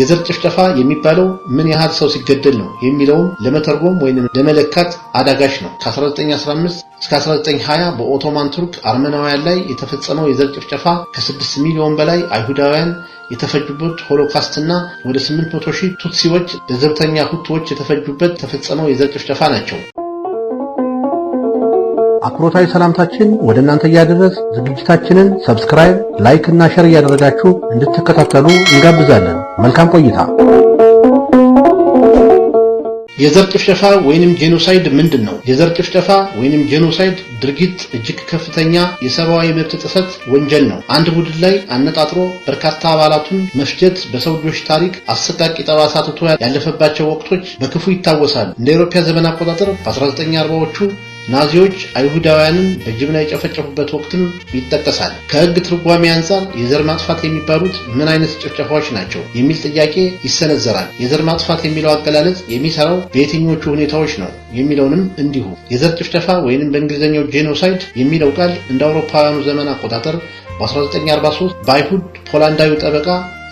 የዘር ጭፍጨፋ የሚባለው ምን ያህል ሰው ሲገደል ነው የሚለውን ለመተርጎም ወይም ለመለካት አዳጋች ነው። ከ1915 እስከ 1920 በኦቶማን ቱርክ አርመናውያን ላይ የተፈጸመው የዘር ጭፍጨፋ ከ6 ሚሊዮን በላይ አይሁዳውያን የተፈጁበት ሆሎካስትና ወደ 800 ሺህ ቱትሲዎች ለዘብተኛ ሁቶዎች የተፈጁበት የተፈጸመው የዘር ጭፍጨፋ ናቸው። አክብሮታዊ ሰላምታችን ወደ እናንተ እያደረስ ዝግጅታችንን ሰብስክራይብ፣ ላይክ እና ሸር እያደረጋችሁ እንድትከታተሉ እንጋብዛለን። መልካም ቆይታ። የዘር ጭፍጨፋ ወይንም ጄኖሳይድ ምንድን ነው? የዘር ጭፍጨፋ ወይንም ጄኖሳይድ ድርጊት እጅግ ከፍተኛ የሰብአዊ መብት ጥሰት ወንጀል ነው። አንድ ቡድን ላይ አነጣጥሮ በርካታ አባላቱን መፍጀት በሰው ልጆች ታሪክ አሰቃቂ ጠባሳ ትቶ ያለፈባቸው ወቅቶች በክፉ ይታወሳሉ። እንደ አውሮፓ ዘመን አቆጣጠር በ1940ዎቹ ናዚዎች አይሁዳውያንን በጅምላ የጨፈጨፉበት ወቅትም ይጠቀሳል። ከሕግ ትርጓሜ አንጻር የዘር ማጥፋት የሚባሉት ምን አይነት ጭፍጨፋዎች ናቸው የሚል ጥያቄ ይሰነዘራል። የዘር ማጥፋት የሚለው አገላለጽ የሚሰራው በየትኞቹ ሁኔታዎች ነው የሚለውንም እንዲሁ። የዘር ጭፍጨፋ ወይንም በእንግሊዝኛው ጄኖሳይድ የሚለው ቃል እንደ አውሮፓውያኑ ዘመን አቆጣጠር በ1943 በአይሁድ ፖላንዳዊ ጠበቃ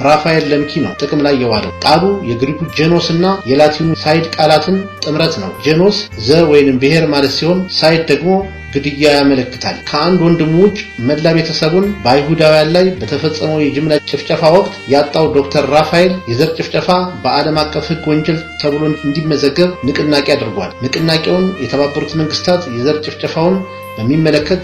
ራፋኤል ለምኪ ነው ጥቅም ላይ የዋለው። ቃሉ የግሪኩ ጄኖስ እና የላቲኑ ሳይድ ቃላትን ጥምረት ነው። ጄኖስ ዘር ወይንም ብሔር ማለት ሲሆን ሳይድ ደግሞ ግድያ ያመለክታል። ከአንድ ወንድሙ ውጭ መላ ቤተሰቡን በአይሁዳውያን ላይ በተፈጸመው የጅምላ ጭፍጨፋ ወቅት ያጣው ዶክተር ራፋኤል የዘር ጭፍጨፋ በዓለም አቀፍ ሕግ ወንጀል ተብሎ እንዲመዘገብ ንቅናቄ አድርጓል። ንቅናቄውን የተባበሩት መንግስታት የዘር ጭፍጨፋውን በሚመለከት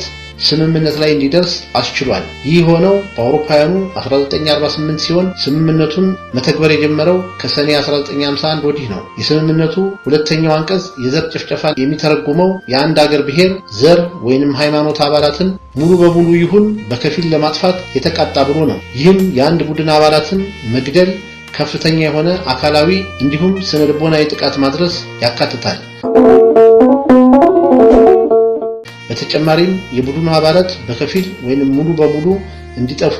ስምምነት ላይ እንዲደርስ አስችሏል። ይህ የሆነው በአውሮፓውያኑ 1948 ሲሆን ስምምነቱን መተግበር የጀመረው ከሰኔ 1951 ወዲህ ነው። የስምምነቱ ሁለተኛው አንቀጽ የዘር ጭፍጨፋ የሚተረጉመው የአንድ አገር ብሔር፣ ዘር ወይንም ሃይማኖት አባላትን ሙሉ በሙሉ ይሁን በከፊል ለማጥፋት የተቃጣ ብሎ ነው። ይህም የአንድ ቡድን አባላትን መግደል፣ ከፍተኛ የሆነ አካላዊ እንዲሁም ስነ ልቦናዊ ጥቃት ማድረስ ያካትታል። በተጨማሪም የቡድኑ አባላት በከፊል ወይም ሙሉ በሙሉ እንዲጠፉ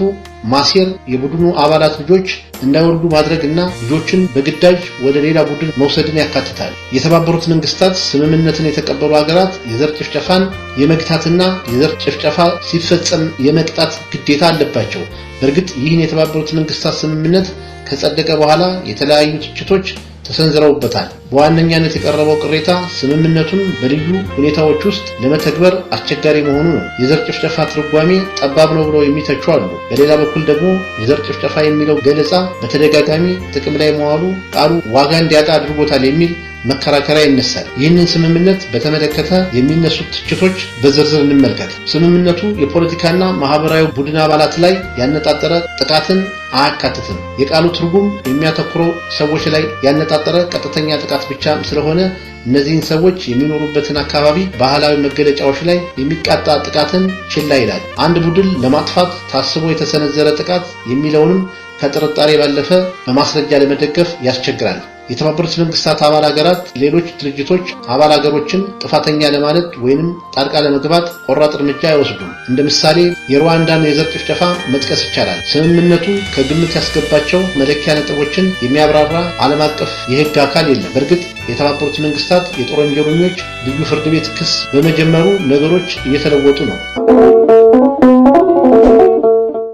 ማሴር፣ የቡድኑ አባላት ልጆች እንዳይወልዱ ማድረግ እና ልጆችን በግዳጅ ወደ ሌላ ቡድን መውሰድን ያካትታል። የተባበሩት መንግስታት ስምምነትን የተቀበሉ ሀገራት የዘር ጭፍጨፋን የመግታትና የዘር ጭፍጨፋ ሲፈጸም የመቅጣት ግዴታ አለባቸው። በእርግጥ ይህን የተባበሩት መንግስታት ስምምነት ከጸደቀ በኋላ የተለያዩ ትችቶች ተሰንዝረውበታል። በዋነኛነት የቀረበው ቅሬታ ስምምነቱን በልዩ ሁኔታዎች ውስጥ ለመተግበር አስቸጋሪ መሆኑ ነው። የዘር ጭፍጨፋ ትርጓሜ ጠባብ ነው ብለው የሚተቹ አሉ። በሌላ በኩል ደግሞ የዘር ጭፍጨፋ የሚለው ገለጻ በተደጋጋሚ ጥቅም ላይ መዋሉ ቃሉ ዋጋ እንዲያጣ አድርጎታል የሚል መከራከሪያ ይነሳል። ይህንን ስምምነት በተመለከተ የሚነሱት ትችቶች በዝርዝር እንመልከት። ስምምነቱ የፖለቲካና ማህበራዊ ቡድን አባላት ላይ ያነጣጠረ ጥቃትን አያካትትም። የቃሉ ትርጉም የሚያተኩረው ሰዎች ላይ ያነጣጠረ ቀጥተኛ ጥቃት ብቻ ስለሆነ እነዚህን ሰዎች የሚኖሩበትን አካባቢ ባህላዊ መገለጫዎች ላይ የሚቃጣ ጥቃትን ችላ ይላል። አንድ ቡድን ለማጥፋት ታስቦ የተሰነዘረ ጥቃት የሚለውንም ከጥርጣሬ ባለፈ በማስረጃ ለመደገፍ ያስቸግራል። የተባበሩት መንግስታት አባል ሀገራት ሌሎች ድርጅቶች አባል ሀገሮችን ጥፋተኛ ለማለት ወይንም ጣልቃ ለመግባት ቆራጥ እርምጃ አይወስዱም። እንደ ምሳሌ የሩዋንዳን የዘር ጭፍጨፋ መጥቀስ ይቻላል። ስምምነቱ ከግምት ያስገባቸው መለኪያ ነጥቦችን የሚያብራራ ዓለም አቀፍ የህግ አካል የለም። በእርግጥ የተባበሩት መንግስታት የጦር ወንጀለኞች ልዩ ፍርድ ቤት ክስ በመጀመሩ ነገሮች እየተለወጡ ነው።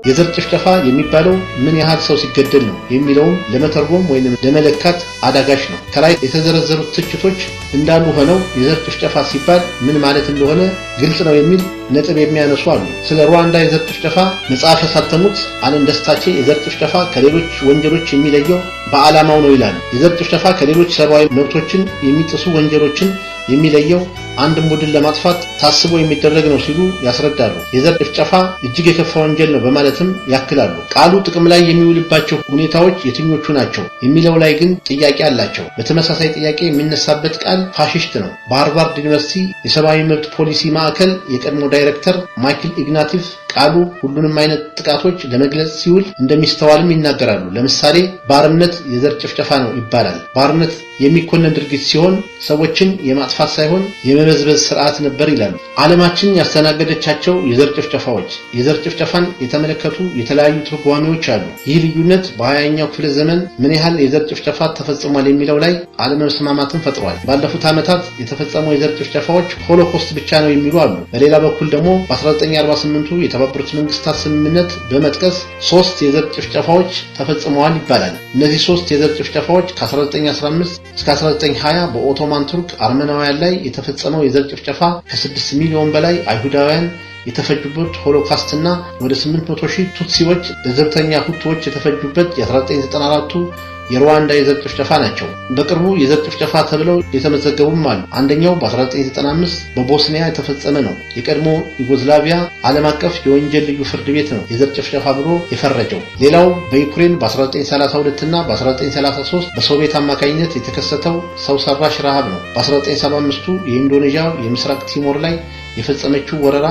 የዘር ጭፍጨፋ የሚባለው ምን ያህል ሰው ሲገደል ነው የሚለውም ለመተርጎም ወይም ለመለካት አዳጋች ነው። ከላይ የተዘረዘሩት ትችቶች እንዳሉ ሆነው የዘር ጭፍጨፋ ሲባል ምን ማለት እንደሆነ ግልጽ ነው የሚል ነጥብ የሚያነሱ አሉ። ስለ ሩዋንዳ የዘር ጭፍጨፋ መጽሐፍ ያሳተሙት አለም ደስታቼ የዘር ጭፍጨፋ ከሌሎች ወንጀሎች የሚለየው በዓላማው ነው ይላል። የዘር ጭፍጨፋ ከሌሎች ሰብአዊ መብቶችን የሚጥሱ ወንጀሎችን የሚለየው አንድ ቡድን ለማጥፋት ታስቦ የሚደረግ ነው ሲሉ ያስረዳሉ። የዘር ጭፍጨፋ እጅግ የከፋ ወንጀል ነው በማለትም ያክላሉ። ቃሉ ጥቅም ላይ የሚውልባቸው ሁኔታዎች የትኞቹ ናቸው የሚለው ላይ ግን ጥያቄ አላቸው። በተመሳሳይ ጥያቄ የሚነሳበት ቃል ፋሽስት ነው። በሃርቫርድ ዩኒቨርሲቲ የሰብአዊ መብት ፖሊሲ ማዕከል የቀድሞ ዳይሬክተር ማይክል ኢግናቲቭ ቃሉ ሁሉንም አይነት ጥቃቶች ለመግለጽ ሲውል እንደሚስተዋልም ይናገራሉ። ለምሳሌ ባርነት የዘር ጭፍጨፋ ነው ይባላል። ባርነት የሚኮነን ድርጊት ሲሆን ሰዎችን የማ ማጥፋት ሳይሆን የመበዝበዝ ስርዓት ነበር ይላሉ። ዓለማችን ያስተናገደቻቸው የዘር ጭፍጨፋዎች። የዘር ጭፍጨፋን የተመለከቱ የተለያዩ ትርጓሜዎች አሉ። ይህ ልዩነት በሀያኛው ክፍለ ዘመን ምን ያህል የዘር ጭፍጨፋ ተፈጽሟል የሚለው ላይ አለመስማማትን ፈጥሯል። ባለፉት ዓመታት የተፈጸመው የዘር ጭፍጨፋዎች ሆሎኮስት ብቻ ነው የሚሉ አሉ። በሌላ በኩል ደግሞ በ1948ቱ የተባበሩት መንግስታት ስምምነት በመጥቀስ ሶስት የዘር ጭፍጨፋዎች ተፈጽመዋል ይባላል። እነዚህ ሶስት የዘር ጭፍጨፋዎች ከ1915 እስከ 1920 በኦቶማን ቱርክ አርመናዊ ፍልስጤማውያን ላይ የተፈጸመው የዘር ጭፍጨፋ ከ6 ሚሊዮን በላይ አይሁዳውያን የተፈጁበት ሆሎካስትና ወደ 800 ሺህ ቱትሲዎች ለዘብተኛ ሁቶዎች የተፈጁበት የ1994ቱ የሩዋንዳ የዘር ጭፍጨፋ ናቸው። በቅርቡ የዘር ጭፍጨፋ ተብለው የተመዘገቡም አሉ። አንደኛው በ1995 በቦስኒያ የተፈጸመ ነው። የቀድሞ ዩጎዝላቪያ ዓለም አቀፍ የወንጀል ልዩ ፍርድ ቤት ነው የዘር ጭፍጨፋ ብሎ የፈረጀው። ሌላው በዩክሬን በ1932 እና በ1933 በሶቪየት አማካኝነት የተከሰተው ሰው ሰራሽ ረሃብ ነው። በ1975ቱ የኢንዶኔዥያ የምስራቅ ቲሞር ላይ የፈጸመችው ወረራ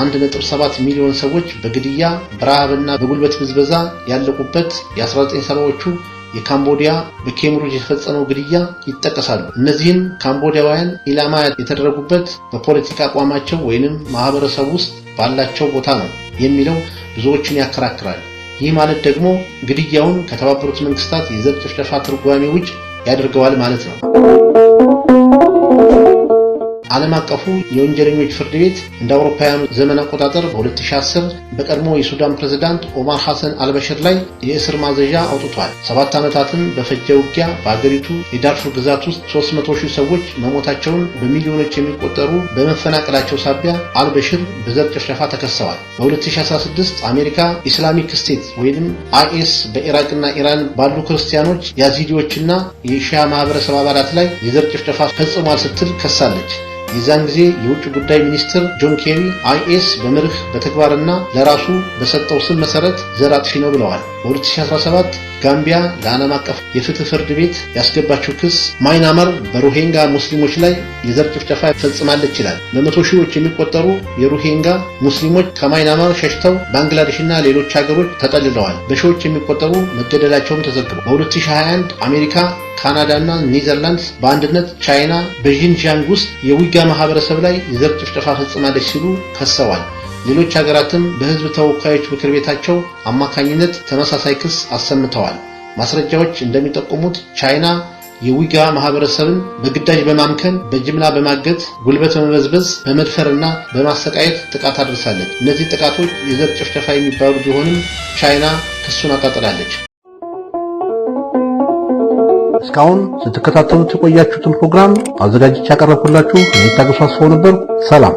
1.7 ሚሊዮን ሰዎች በግድያ በረሃብና በጉልበት ብዝበዛ ያለቁበት የ1970ዎቹ የካምቦዲያ በኬምሩጅ የተፈጸመው ግድያ ይጠቀሳሉ። እነዚህም ካምቦዲያውያን ኢላማ የተደረጉበት በፖለቲካ አቋማቸው ወይንም ማህበረሰብ ውስጥ ባላቸው ቦታ ነው የሚለው ብዙዎችን ያከራክራል። ይህ ማለት ደግሞ ግድያውን ከተባበሩት መንግስታት የዘር ጭፍጨፋ ትርጓሜ ውጭ ያደርገዋል ማለት ነው። ዓለም አቀፉ የወንጀለኞች ፍርድ ቤት እንደ አውሮፓውያኑ ዘመን አቆጣጠር በ2010 በቀድሞ የሱዳን ፕሬዝዳንት ኦማር ሐሰን አልበሽር ላይ የእስር ማዘዣ አውጥቷል። ሰባት ዓመታትም በፈጀ ውጊያ በአገሪቱ የዳርፉር ግዛት ውስጥ 300 ሺህ ሰዎች መሞታቸውን፣ በሚሊዮኖች የሚቆጠሩ በመፈናቀላቸው ሳቢያ አልበሽር በዘር ጭፍጨፋ ተከሰዋል። በ2016 አሜሪካ ኢስላሚክ ስቴት ወይም አይኤስ በኢራቅና ኢራን ባሉ ክርስቲያኖች፣ ያዚዲዎችና የሺያ ማህበረሰብ አባላት ላይ የዘር ጭፍጨፋ ፈጽሟል ስትል ከሳለች። የዛን ጊዜ የውጭ ጉዳይ ሚኒስትር ጆን ኬሪ አይኤስ በመርህ በተግባርና ለራሱ በሰጠው ስም መሰረት ዘር አጥፊ ነው ብለዋል። በ2017 ጋምቢያ ለዓለም አቀፍ የፍትህ ፍርድ ቤት ያስገባችው ክስ ማይናመር በሩሄንጋ ሙስሊሞች ላይ የዘር ጭፍጨፋ ፈጽማለች ይላል። በመቶ ሺዎች የሚቆጠሩ የሩሄንጋ ሙስሊሞች ከማይናመር ሸሽተው ባንግላዴሽና ሌሎች ሀገሮች ተጠልለዋል። በሺዎች የሚቆጠሩ መገደላቸውም ተዘግቧል። በ2021 አሜሪካ ካናዳ እና ኔዘርላንድስ በአንድነት ቻይና በዢንጂያንግ ውስጥ የዊጋ ማህበረሰብ ላይ የዘር ጭፍጨፋ ፈጽማለች ሲሉ ከሰዋል። ሌሎች ሀገራትም በህዝብ ተወካዮች ምክር ቤታቸው አማካኝነት ተመሳሳይ ክስ አሰምተዋል። ማስረጃዎች እንደሚጠቁሙት ቻይና የዊጋ ማህበረሰብን በግዳጅ በማምከን በጅምላ በማገት ጉልበት በመበዝበዝ በመድፈርና በማሰቃየት ጥቃት አድርሳለች። እነዚህ ጥቃቶች የዘር ጭፍጨፋ የሚባሉ ቢሆንም ቻይና ክሱን አቃጥላለች። እስካሁን ስትከታተሉት የቆያችሁትን ፕሮግራም አዘጋጅቼ ያቀረብኩላችሁ እኔ ታገሱ አስፋው ነበር። ሰላም